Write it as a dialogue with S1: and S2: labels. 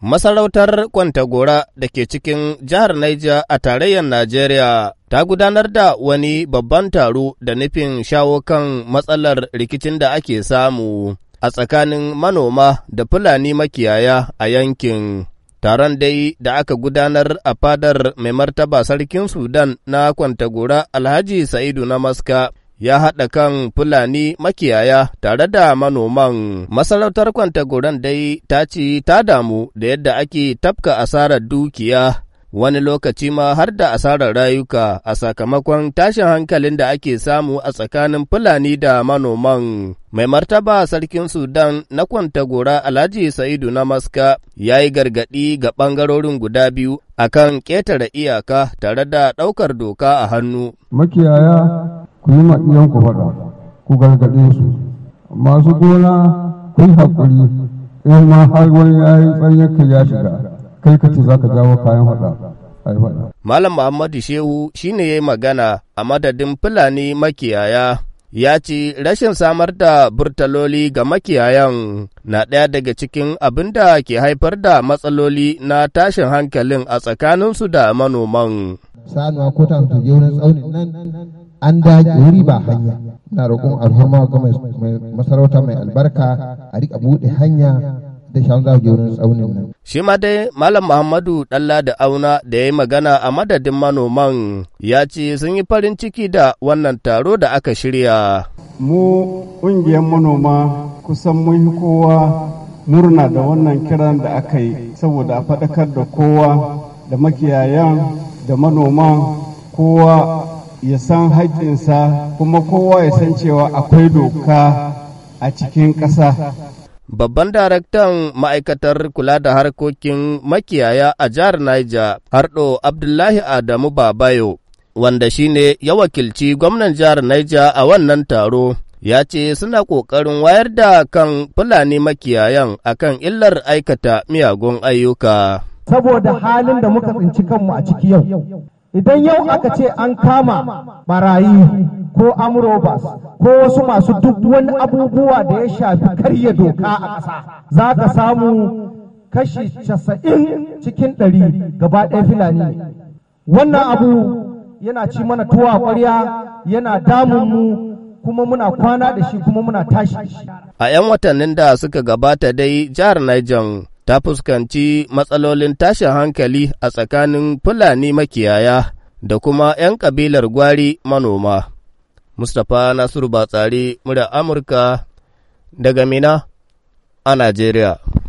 S1: Masarautar Kwantagora da ke cikin jihar Niger a tarayyar Najeriya ta gudanar da wani babban taro da nufin shawo kan matsalar rikicin da ake samu a tsakanin manoma da Fulani makiyaya a yankin. Taron dai da aka gudanar a fadar mai martaba sarkin Sudan na Kwantagora Alhaji Sa'idu na Maska ya haɗa kan Fulani makiyaya tare da manoman. Masarautar Kwantagoran dai ta ce ta damu da yadda ake tafka asarar dukiya wani lokaci ma har da asarar rayuka a sakamakon tashin hankalin da ake samu a tsakanin Fulani da manoman. Mai martaba sarkin Sudan na Kwantagora Alhaji Sa'idu na Maska ya yi gargaɗi ga ɓangarorin guda biyu akan ƙetare iyaka tare da ɗaukar doka a hannu.
S2: Makiyaya ku yi ma'iyan ku faɗa ku gargaɗe su masu gona ku yi haƙuri in ma har wani ya yi ka ya shiga kai ka ce za ka jawo kayan faɗa
S1: Malam Muhammadu Shehu shi ne ya yi magana a madadin Fulani makiyaya ya ce rashin samar da burtaloli ga makiyayan na ɗaya daga cikin abin da ke haifar da matsaloli na tashin hankalin a tsakaninsu da manoman.
S2: Sanuwa ko ta je tsaunin nan an dage wuri ba hanya na roƙon alhurma kuma masarauta mai albarka a rika buɗe hanya da shan wurin tsaunin nan.
S1: Shi ma dai Malam Muhammadu Ɗalla da Auna da ya yi magana a madadin manoman ya ce sun yi farin ciki da wannan taro da aka shirya. Mu
S2: ƙungiyar manoma kusan mun yi kowa murna da wannan kiran da aka yi saboda a faɗakar da kowa da makiyayan da manoma kowa ya san haƙƙinsa kuma kowa ya san cewa akwai doka a cikin ƙasa.
S1: Babban daraktan ma'aikatar kula da harkokin makiyaya a jihar Niger, Hardo Abdullahi Adamu Babayo, wanda shi ne ya wakilci gwamnan jihar Niger a wannan taro, ya ce suna ƙoƙarin wayar da kan Fulani makiyayan kan illar aikata miyagun ayyuka.
S2: Saboda halin da muka tsinci kanmu a ciki yau, idan yau aka ce an kama marayu ko amurobas ko wasu masu duk wani abubuwa da ya shafi karya doka a ƙasa za ka samu kashi casa'in cikin ɗari gaba ɗaya filani wannan abu yana ci mana tuwa ƙwarya yana damun mu kuma muna kwana da shi kuma muna tashi.
S1: A 'yan watannin da suka gabata dai jihar Niger ta fuskanci matsalolin tashin hankali a tsakanin Fulani makiyaya da kuma 'yan kabilar gwari manoma. Mustapha Nasiru Batsari, murya Amurka daga Mina a Najeriya.